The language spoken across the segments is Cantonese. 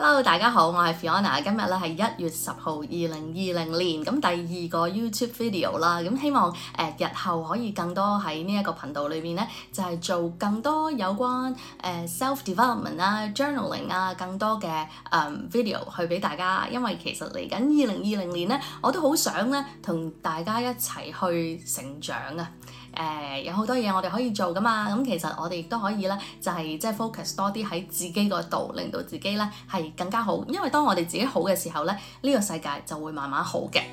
Hello，大家好，我係 Fiona，今日咧係一月十號，二零二零年，咁第二個 YouTube video 啦，咁希望誒、呃、日後可以更多喺呢一個頻道裏面咧，就係、是、做更多有關誒、呃、self development 啊、journaling 啊，更多嘅誒、嗯、video 去俾大家，因為其實嚟緊二零二零年咧，我都好想咧同大家一齊去成長啊。誒、uh，有好多嘢我哋可以做㗎嘛，咁其實我哋亦都可以咧，就係、是、即係 focus 多啲喺自己嗰度，令到自己咧係更加好，因為當我哋自己好嘅時候咧，呢、這個世界就會慢慢好嘅。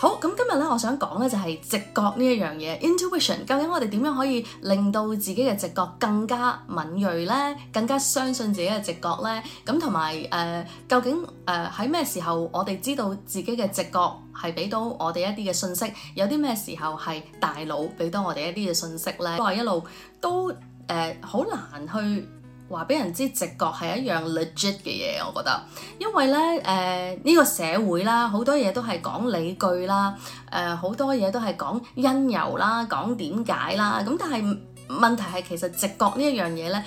好，咁今日咧，我想講咧就係直覺呢一樣嘢，intuition。Intuition，究竟我哋點樣可以令到自己嘅直覺更加敏銳呢？更加相信自己嘅直覺呢？咁同埋誒，究竟誒喺咩時候我哋知道自己嘅直覺係俾到我哋一啲嘅信息？有啲咩時候係大腦俾到我哋一啲嘅信息咧？我一路都誒好、呃、難去。話俾人知直覺係一樣 legit 嘅嘢，我覺得，因為咧誒呢、呃這個社會啦，好多嘢都係講理據啦，誒、呃、好多嘢都係講因由啦，講點解啦，咁但係問題係其實直覺一呢一樣嘢咧，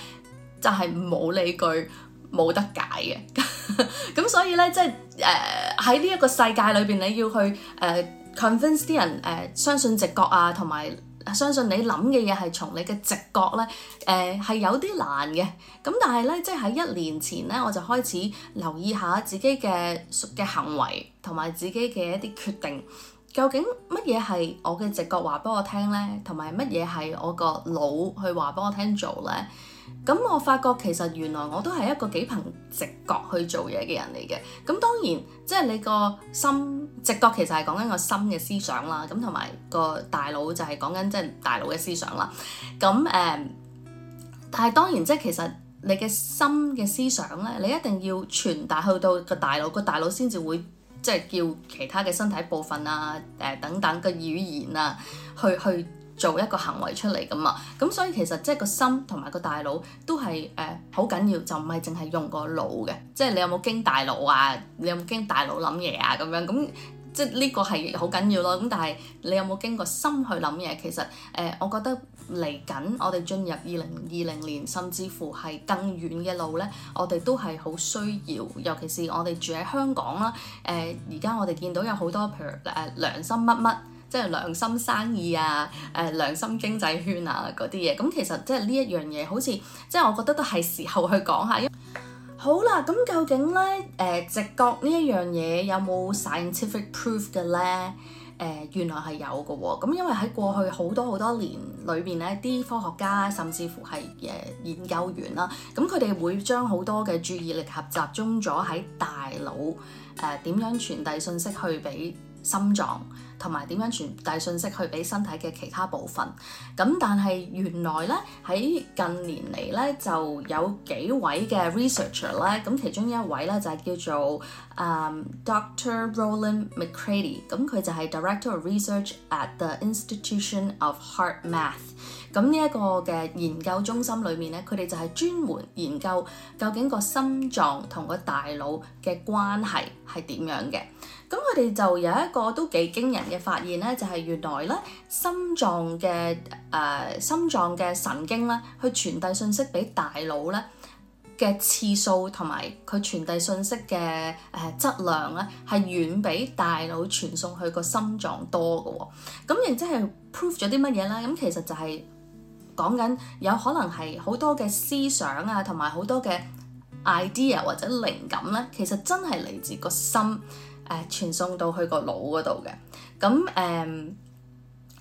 就係、是、冇理據、冇得解嘅，咁 所以咧即係誒喺呢一、就是呃、個世界裏邊你要去誒、呃、convince 啲人誒、呃、相信直覺啊，同埋。相信你諗嘅嘢係從你嘅直覺咧，誒、呃、係有啲難嘅。咁但係咧，即係喺一年前咧，我就開始留意下自己嘅嘅行為同埋自己嘅一啲決定，究竟乜嘢係我嘅直覺話俾我聽咧，同埋乜嘢係我個腦去話俾我聽做咧？咁我發覺其實原來我都係一個幾憑直覺去做嘢嘅人嚟嘅，咁當然即係、就是、你個心直覺其實係講緊個心嘅思想啦，咁同埋個大腦就係講緊即係大腦嘅思想啦，咁誒、嗯，但係當然即係、就是、其實你嘅心嘅思想咧，你一定要傳達去到個大腦，個大腦先至會即係、就是、叫其他嘅身體部分啊，誒、呃、等等嘅、那個、語言啊，去去。做一個行為出嚟㗎嘛，咁所以其實即係個心同埋個大腦都係誒好緊要，就唔係淨係用個腦嘅，即係你有冇經大腦啊？你有冇經大腦諗嘢啊？咁樣咁即係呢個係好緊要咯。咁但係你有冇經個心去諗嘢？其實誒、呃，我覺得嚟緊我哋進入二零二零年，甚至乎係更遠嘅路呢，我哋都係好需要，尤其是我哋住喺香港啦。誒、呃，而家我哋見到有好多譬如誒、呃、良心乜乜。即係良心生意啊，誒、呃、良心經濟圈啊嗰啲嘢，咁其實即係呢一樣嘢，好似即係我覺得都係時候去講下因。好啦，咁究竟呢誒、呃、直覺呢一樣嘢有冇 scientific proof 嘅呢？誒、呃、原來係有嘅喎、哦。咁因為喺過去好多好多，多年裏邊呢啲科學家甚至乎係誒研究員啦，咁佢哋會將好多嘅注意力合集，集中咗喺大腦誒點、呃、樣傳遞信息去俾。心臟同埋點樣傳遞信息去俾身體嘅其他部分，咁但係原來呢，喺近年嚟呢，就有幾位嘅 researcher 呢。咁其中一位呢，就係、是、叫做、um, Dr. Roland McCready，咁佢就係 Director of Research at the Institution of Heart Math，咁呢一個嘅研究中心裏面呢，佢哋就係專門研究究竟個心臟同個大腦嘅關係係點樣嘅。咁佢哋就有一個都幾驚人嘅發現咧，就係、是、原來咧心臟嘅誒、呃、心臟嘅神經咧，去傳遞信息俾大腦咧嘅次數，同埋佢傳遞信息嘅誒質量咧，係遠比大腦傳送去個心臟多嘅、哦。咁亦即係 prove 咗啲乜嘢咧？咁、嗯、其實就係講緊有可能係好多嘅思想啊，同埋好多嘅 idea 或者靈感咧，其實真係嚟自個心。誒、呃、傳送到去個腦嗰度嘅，咁誒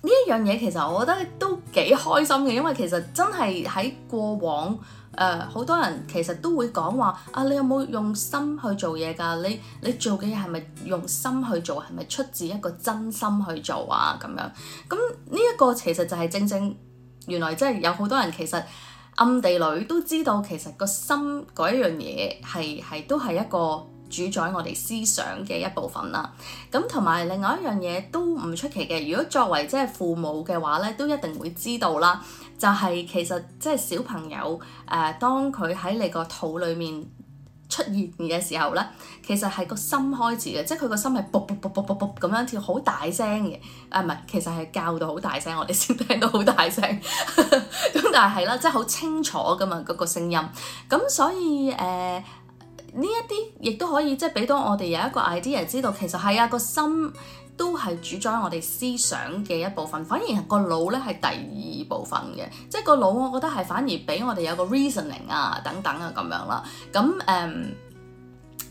呢一樣嘢其實我覺得都幾開心嘅，因為其實真係喺過往誒，好、呃、多人其實都會講話啊，你有冇用心去做嘢㗎？你你做嘅嘢係咪用心去做？係咪出自一個真心去做啊？咁樣咁呢一個其實就係正正原來即係有好多人其實暗地裏都知道，其實個心嗰一樣嘢係係都係一個主宰我哋思想嘅一部分啦，咁同埋另外一樣嘢都唔出奇嘅。如果作為即係父母嘅話咧，都一定會知道啦。就係、是、其實即係、就是、小朋友誒、呃，當佢喺你個肚裡面出現嘅時候咧，其實係個心開始嘅，即係佢個心係噗噗噗噗噗噗咁樣跳，好大聲嘅。啊，唔係，其實係教到好大聲，我哋先聽到好大聲。咁 但係係啦，即係好清楚㗎嘛，嗰、那個聲音。咁所以誒，呃呢一啲亦都可以即係俾到我哋有一個 idea 知道，其實係啊個心都係主宰我哋思想嘅一部分，反而個腦咧係第二部分嘅。即係個腦，我覺得係反而俾我哋有個 reasoning 啊等等啊咁樣啦。咁誒，um,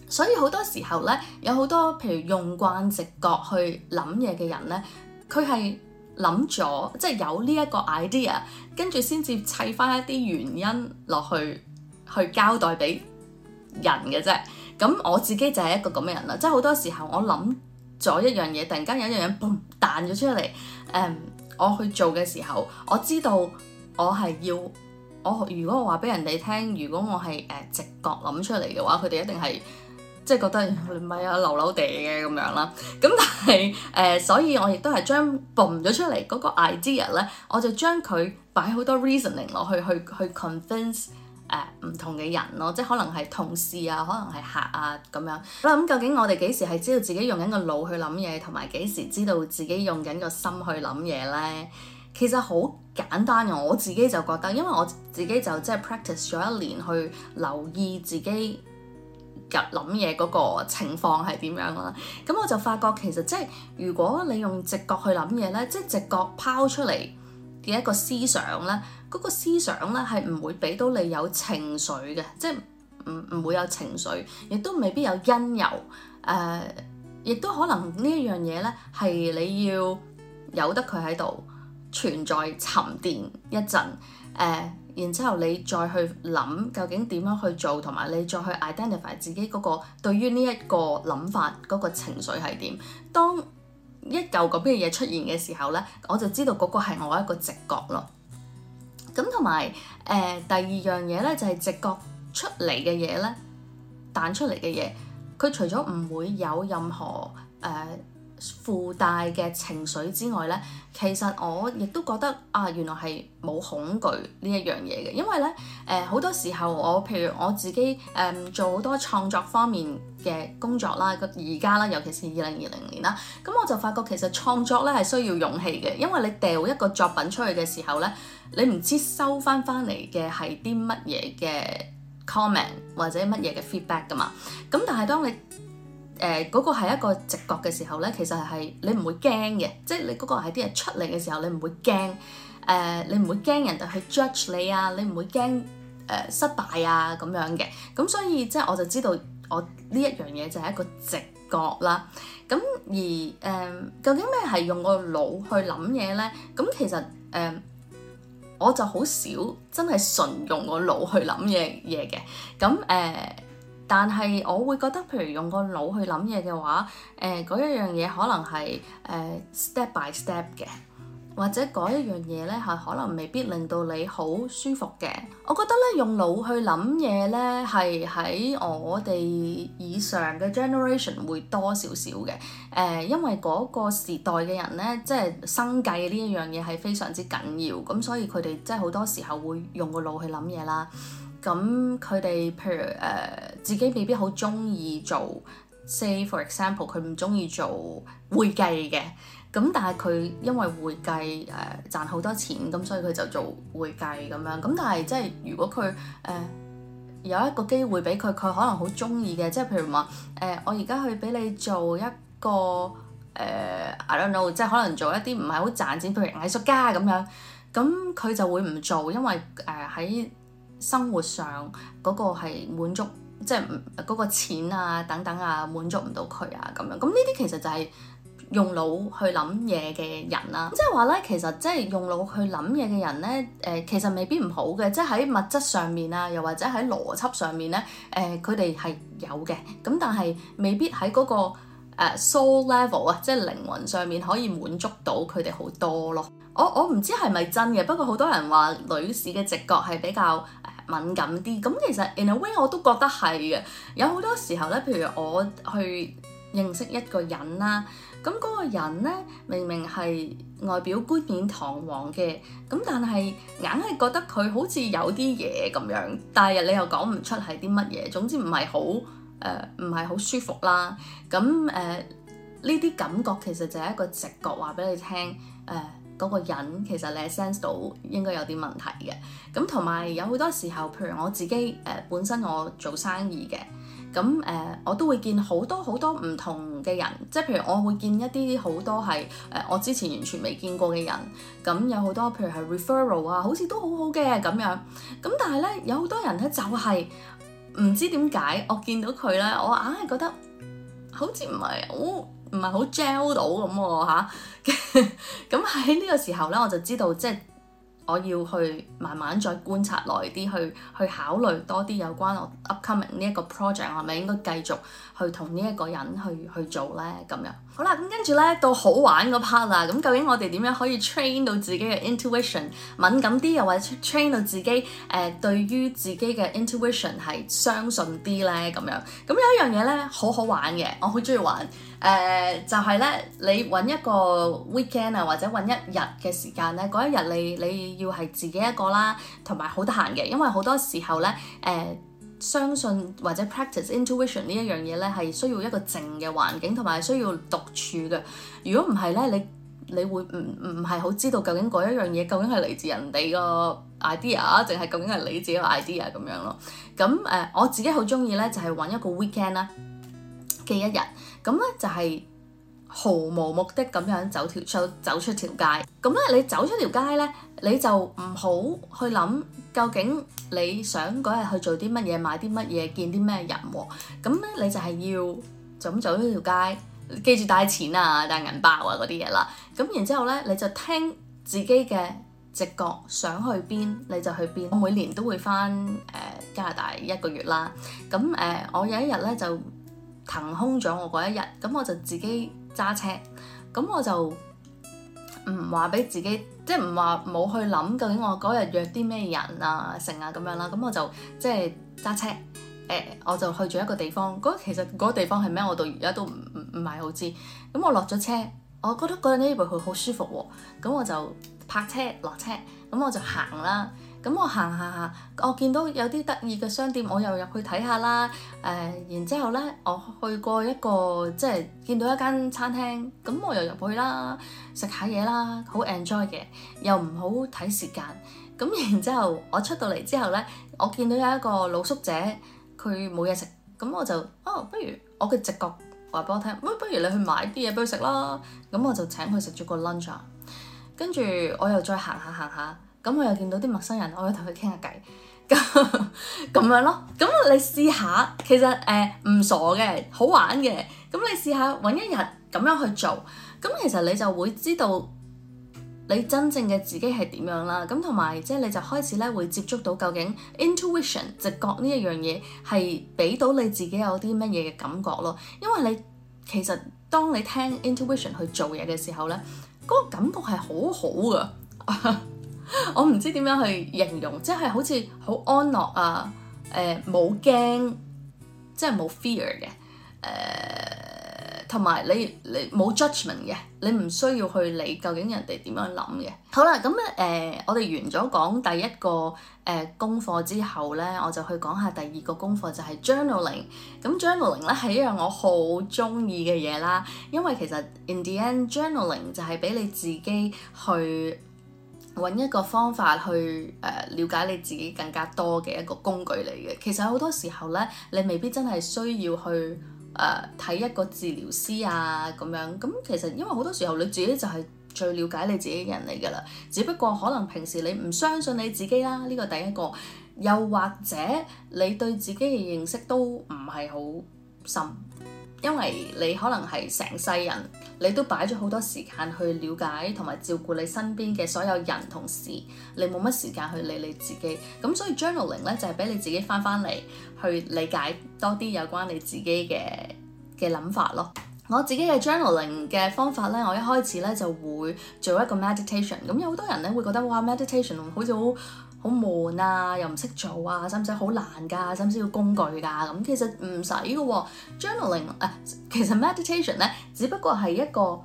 所以好多時候咧，有好多譬如用慣直覺去諗嘢嘅人咧，佢係諗咗即係有呢一個 idea，跟住先至砌翻一啲原因落去去交代俾。人嘅啫，咁我自己就係一個咁嘅人啦，即係好多時候我諗咗一樣嘢，突然間有一樣嘢蹦彈咗出嚟，誒、嗯，我去做嘅時候，我知道我係要，我如果我話俾人哋聽，如果我係誒、呃、直覺諗出嚟嘅話，佢哋一定係即係覺得唔係啊，流流地嘅咁樣啦，咁、嗯、但係誒、呃，所以我亦都係將蹦咗出嚟嗰個 idea 咧，我就將佢擺好多 reasoning 落去，去去 convince。誒唔、呃、同嘅人咯，即係可能係同事啊，可能係客啊咁樣。嗱、嗯，咁究竟我哋幾時係知道自己用緊個腦去諗嘢，同埋幾時知道自己用緊個心去諗嘢咧？其實好簡單嘅，我自己就覺得，因為我自己就即係 practice 咗一年去留意自己嘅諗嘢嗰個情況係點樣啦。咁、嗯、我就發覺其實即係如果你用直覺去諗嘢咧，即係直覺拋出嚟嘅一個思想咧。嗰個思想咧係唔會俾到你有情緒嘅，即係唔唔會有情緒，亦都未必有因由。誒，亦都可能呢一樣嘢咧係你要由得佢喺度存在沉澱一陣。誒，然之後你再去諗究竟點樣去做，同埋你再去 identify 自己嗰個對於呢一個諗法嗰個情緒係點。當一嚿咁嘅嘢出現嘅時候咧，我就知道嗰個係我一個直覺咯。咁同埋誒第二樣嘢咧，就係、是、直覺出嚟嘅嘢咧，彈出嚟嘅嘢，佢除咗唔會有任何誒、呃、附帶嘅情緒之外咧，其實我亦都覺得啊，原來係冇恐懼呢一樣嘢嘅，因為咧誒好多時候我譬如我自己誒、呃、做好多創作方面嘅工作啦，而家啦，尤其是二零二零年啦，咁我就發覺其實創作咧係需要勇氣嘅，因為你掉一個作品出去嘅時候咧，你唔知收翻翻嚟嘅係啲乜嘢嘅 comment 或者乜嘢嘅 feedback 噶嘛。咁但係當你誒嗰個係一個直覺嘅時候咧，其實係你唔會驚嘅，即係你嗰個係啲人出嚟嘅時候，你唔會驚誒你唔會驚人哋去 judge 你啊，你唔會驚誒失敗啊咁樣嘅。咁所以即係我就知道。我呢一樣嘢就係一個直覺啦，咁而誒、呃、究竟咩係用個腦去諗嘢咧？咁其實誒、呃、我就好少真係純用個腦去諗嘢嘢嘅，咁誒、呃，但係我會覺得，譬如用個腦去諗嘢嘅話，誒、呃、嗰一樣嘢可能係誒、呃、step by step 嘅。或者嗰一樣嘢咧，係可能未必令到你好舒服嘅。我覺得咧，用腦去諗嘢咧，係喺我哋以上嘅 generation 會多少少嘅。誒、呃，因為嗰個時代嘅人咧，即係生計呢一樣嘢係非常之緊要，咁所以佢哋即係好多時候會用個腦去諗嘢啦。咁佢哋譬如誒、呃，自己未必好中意做，say for example，佢唔中意做會計嘅。咁但係佢因為會計誒賺好多錢，咁所以佢就做會計咁樣。咁但係即係如果佢誒、呃、有一個機會俾佢，佢可能好中意嘅，即係譬如話誒、呃，我而家去俾你做一個、呃、I don't know 即係可能做一啲唔係好賺錢，譬如藝術家咁樣。咁佢就會唔做，因為誒喺、呃、生活上嗰、嗰個係滿足，即係唔嗰個錢啊等等啊滿足唔到佢啊咁樣。咁呢啲其實就係、係。用腦去諗嘢嘅人啦，即係話咧，其實即係用腦去諗嘢嘅人咧，誒、呃、其實未必唔好嘅，即係喺物質上面啊，又或者喺邏輯上面咧，誒佢哋係有嘅，咁但係未必喺嗰、嗰個、呃、soul level 啊，即係靈魂上面可以滿足到佢哋好多咯。我我唔知係咪真嘅，不過好多人話女士嘅直覺係比較敏感啲，咁其實 in a way 我都覺得係嘅，有好多時候咧，譬如我去認識一個人啦，咁嗰個人呢，明明係外表冠冕堂皇嘅，咁但係硬係覺得佢好似有啲嘢咁樣，但係你又講唔出係啲乜嘢，總之唔係好誒，唔係好舒服啦。咁誒呢啲感覺其實就係一個直覺話俾你聽，誒嗰個人其實你 sense 到應該有啲問題嘅。咁同埋有好多時候，譬如我自己誒本身我做生意嘅。咁誒、呃，我都會見好多好多唔同嘅人，即係譬如我會見一啲好多係誒，我之前完全未見過嘅人。咁有好多譬如係 referral 啊，好似都好好嘅咁樣。咁但係咧，有好多人咧就係、是、唔知點解，我見到佢咧，我硬係覺得好似唔係好唔係好 gel 到咁喎嚇。咁喺呢個時候咧，我就知道即係。我要去慢慢再觀察耐啲，去去考慮多啲有關我 upcoming 呢一個 project，我係咪應該繼續去同呢一個人去去做咧？咁樣。好啦，咁跟住咧到好玩個 part 啦。咁、嗯、究竟我哋點樣可以 train 到自己嘅 intuition 敏感啲，又或者 train 到自己誒、呃、對於自己嘅 intuition 係相信啲咧咁樣？咁、嗯、有一樣嘢咧好好玩嘅，我好中意玩誒、呃，就係、是、咧你搵一個 weekend 啊，或者搵一日嘅時間咧，嗰一日你你要係自己一個啦，同埋好得閒嘅，因為好多時候咧誒。呃相信或者 practice intuition 呢一樣嘢咧，係需要一個靜嘅環境，同埋需要獨處嘅。如果唔係咧，你會你會唔唔係好知道究竟嗰一樣嘢究竟係嚟自人哋個 idea，定係究竟係你自己個 idea 咁樣咯？咁誒、呃，我自己好中意咧，就係、係、搵一個 weekend 啦，嘅一日，咁咧就係、係。毫無目的咁樣走條走走出條街，咁咧你走出條街咧，你就唔好去諗究竟你想嗰日去做啲乜嘢，買啲乜嘢，見啲咩人喎。咁咧你就係要就咁走咗條街，記住帶錢啊，帶銀包啊嗰啲嘢啦。咁然之後咧，你就聽自己嘅直覺，想去邊你就去邊。 我每年都會返誒、呃、加拿大一個月啦，咁誒、呃、我有一日咧就騰空咗我嗰一日，咁我就自己。揸車，咁我就唔話俾自己，即係唔話冇去諗究竟我嗰日約啲咩人啊，成啊咁樣啦。咁我就即係揸車，誒、欸，我就去咗一個地方。嗰其實嗰個地方係咩？我到而家都唔唔唔係好知。咁我落咗車，我覺得嗰陣啲路好舒服喎、啊。咁我就泊車落車，咁我就行啦。咁我行下下，我見到有啲得意嘅商店，我又入去睇下啦。誒、呃，然之後咧，我去過一個即係見到一間餐廳，咁我又入去啦，食下嘢啦，好 enjoy 嘅，又唔好睇時間。咁然之後，我出到嚟之後咧，我見到有一個露宿者，佢冇嘢食，咁我就哦，不如我嘅直覺話俾我聽，唔不如你去買啲嘢俾佢食咯。咁我就請佢食咗個 lunch。跟住我又再行下行下。咁我又見到啲陌生人，我可以同佢傾下偈，咁 咁樣咯。咁你試下，其實誒唔、呃、傻嘅，好玩嘅。咁你試下揾一日咁樣去做，咁其實你就會知道你真正嘅自己係點樣啦。咁同埋即係你就開始咧會接觸到究竟 intuition 直覺呢一樣嘢係俾到你自己有啲乜嘢嘅感覺咯。因為你其實當你聽 intuition 去做嘢嘅時候咧，嗰個感覺係好好噶。 我唔知點樣去形容，即係好似好安樂啊，誒冇驚，即係冇 fear 嘅，誒同埋你你冇 judgment 嘅，你唔需要去理究竟人哋點樣諗嘅。好啦，咁誒、呃、我哋完咗講第一個誒、呃、功課之後呢，我就去講下第二個功課，就係、是、journaling。咁 journaling 呢係一樣我好中意嘅嘢啦，因為其實 in the end journaling 就係俾你自己去。揾一個方法去誒了解你自己更加多嘅一個工具嚟嘅。其實好多時候呢，你未必真係需要去誒睇、呃、一個治療師啊咁樣。咁其實因為好多時候你自己就係最了解你自己嘅人嚟㗎啦。只不過可能平時你唔相信你自己啦，呢、這個第一個。又或者你對自己嘅認識都唔係好深。因為你可能係成世人，你都擺咗好多時間去了解同埋照顧你身邊嘅所有人、同事，你冇乜時間去理你自己。咁所以 journaling 咧，就係俾你自己翻翻嚟去理解多啲有關你自己嘅嘅諗法咯。我自己嘅 journaling 嘅方法咧，我一開始咧就會做一個 meditation。咁有好多人咧會覺得哇，meditation 好似好～好悶啊！又唔識做啊！使唔使好難㗎、啊？使唔使要工具㗎、啊？咁其實唔使嘅 journaling 誒，其實 meditation 咧，只不過係一個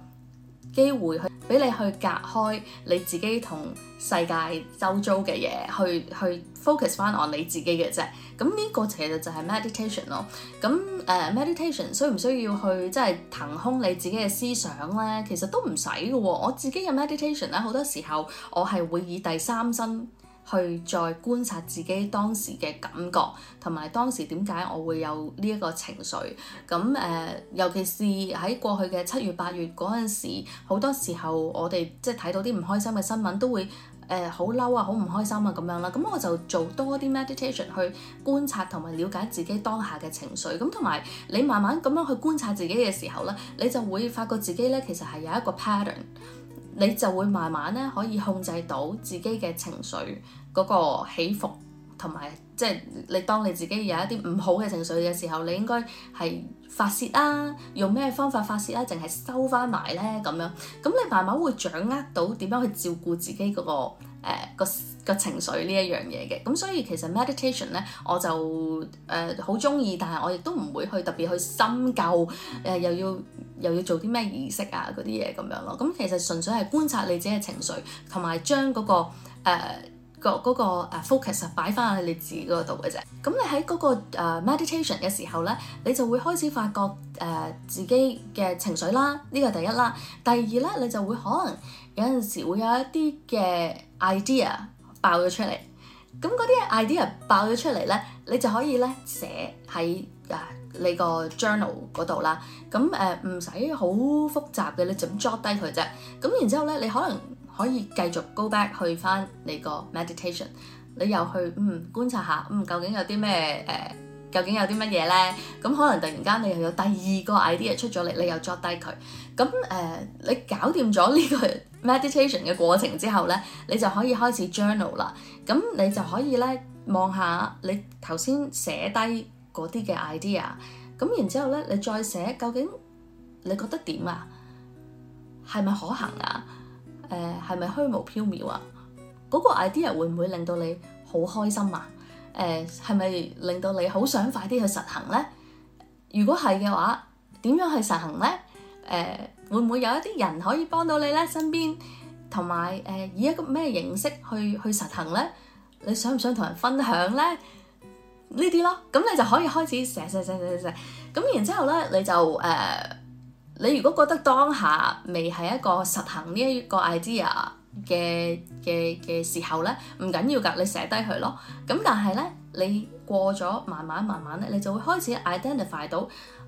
機會去俾你去隔開你自己同世界周遭嘅嘢，去去 focus 翻 on 你自己嘅啫。咁呢個其實就係 meditation 咯。咁誒，meditation 需唔需要去即係騰空你自己嘅思想咧？其實都唔使嘅。我自己嘅 meditation 咧，好多時候我係會以第三身。去再觀察自己當時嘅感覺，同埋當時點解我會有呢一個情緒。咁誒、呃，尤其是喺過去嘅七月八月嗰陣時，好多時候我哋即係睇到啲唔開心嘅新聞，都會誒好嬲啊，好、呃、唔開心啊咁樣啦。咁我就做多啲 meditation 去觀察同埋了解自己當下嘅情緒。咁同埋你慢慢咁樣去觀察自己嘅時候呢，你就會發覺自己呢其實係有一個 pattern，你就會慢慢咧可以控制到自己嘅情緒嗰個起伏，同埋即係你當你自己有一啲唔好嘅情緒嘅時候，你應該係發泄啦，用咩方法發泄咧，淨係收翻埋咧咁樣。咁你慢慢會掌握到點樣去照顧自己嗰個。誒、呃、個個情緒呢一樣嘢嘅，咁，所以其實 meditation 咧我就誒好中意，但係我亦都唔會去特別去深究誒、呃，又要又要做啲咩儀式啊嗰啲嘢咁樣咯。咁其實純粹係觀察你自己嘅情緒，同埋將嗰個誒、呃那個嗰 focus 擺翻去你自己嗰度嘅啫。咁你喺嗰個 meditation 嘅時候咧，你就會開始發覺誒、呃、自己嘅情緒啦。呢、這個第一啦，第二咧你就會可能有陣時會有一啲嘅。idea 爆咗出嚟，咁嗰啲 idea 爆咗出嚟咧，你就可以咧寫喺啊你個 journal 嗰度啦。咁誒唔使好複雜嘅，你就咁捉低佢啫。咁然之後咧，你可能可以繼續 go back 去返你個 meditation，你又去嗯觀察下嗯究竟有啲咩誒？呃究竟有啲乜嘢呢？咁可能突然間你又有第二個 idea 出咗嚟，你又作低佢。咁誒、呃，你搞掂咗呢個 meditation 嘅過程之後呢，你就可以開始 journal 啦。咁你就可以呢望下你頭先寫低嗰啲嘅 idea。咁然之後呢，你再寫究竟你覺得點啊？係咪可行啊？誒、呃，係咪虛無縹緲啊？嗰個 idea 會唔會令到你好開心啊？誒係咪令到你好想快啲去實行呢？如果係嘅話，點樣去實行呢？誒、呃、會唔會有一啲人可以幫到你呢？身邊同埋誒以一個咩形式去去實行呢？你想唔想同人分享呢？呢啲咯，咁、嗯、你就可以開始寫寫寫寫寫咁，然之後呢，你就誒、呃，你如果覺得當下未係一個實行呢一個 idea 嘅嘅嘅時候咧，唔緊要㗎，你寫低佢咯。咁但係咧，你過咗慢慢慢慢咧，你就會開始 identify 到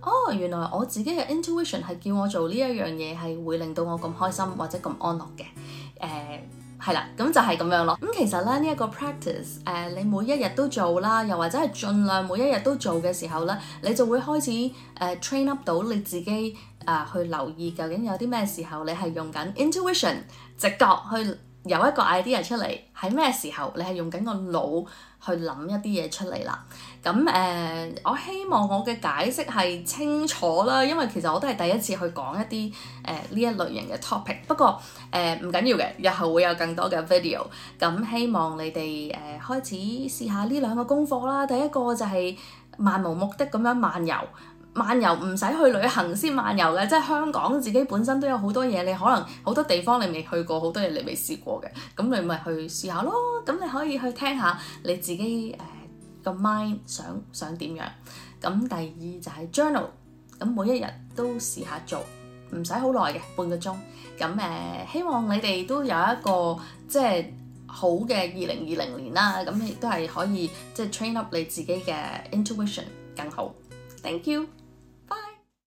哦，原來我自己嘅 intuition 係叫我做呢一樣嘢，係會令到我咁開心或者咁安樂嘅。誒係啦，咁就係咁樣咯。咁、嗯、其實咧呢一、這個 practice 誒、呃，你每一日都做啦，又或者係儘量每一日都做嘅時候咧，你就會開始誒 train up 到你自己啊、呃、去留意究竟有啲咩時候你係用緊 intuition。直覺去有一個 idea 出嚟，喺咩時候你係用緊個腦去諗一啲嘢出嚟啦？咁誒、呃，我希望我嘅解釋係清楚啦，因為其實我都係第一次去講一啲誒呢一類型嘅 topic。不過誒唔緊要嘅，日後會有更多嘅 video。咁希望你哋誒、呃、開始試下呢兩個功課啦。第一個就係漫無目的咁樣漫遊。漫遊唔使去旅行先漫遊嘅，即係香港自己本身都有好多嘢，你可能好多地方你未去過，好多嘢你未試過嘅，咁你咪去試下咯。咁你可以去聽下你自己誒、呃、個 mind 想想點樣。咁第二就係 journal，咁每一日都試下做，唔使好耐嘅半個鐘。咁誒、呃、希望你哋都有一個即係好嘅二零二零年啦。咁亦都係可以即係 train up 你自己嘅 intuition 更好。Thank you。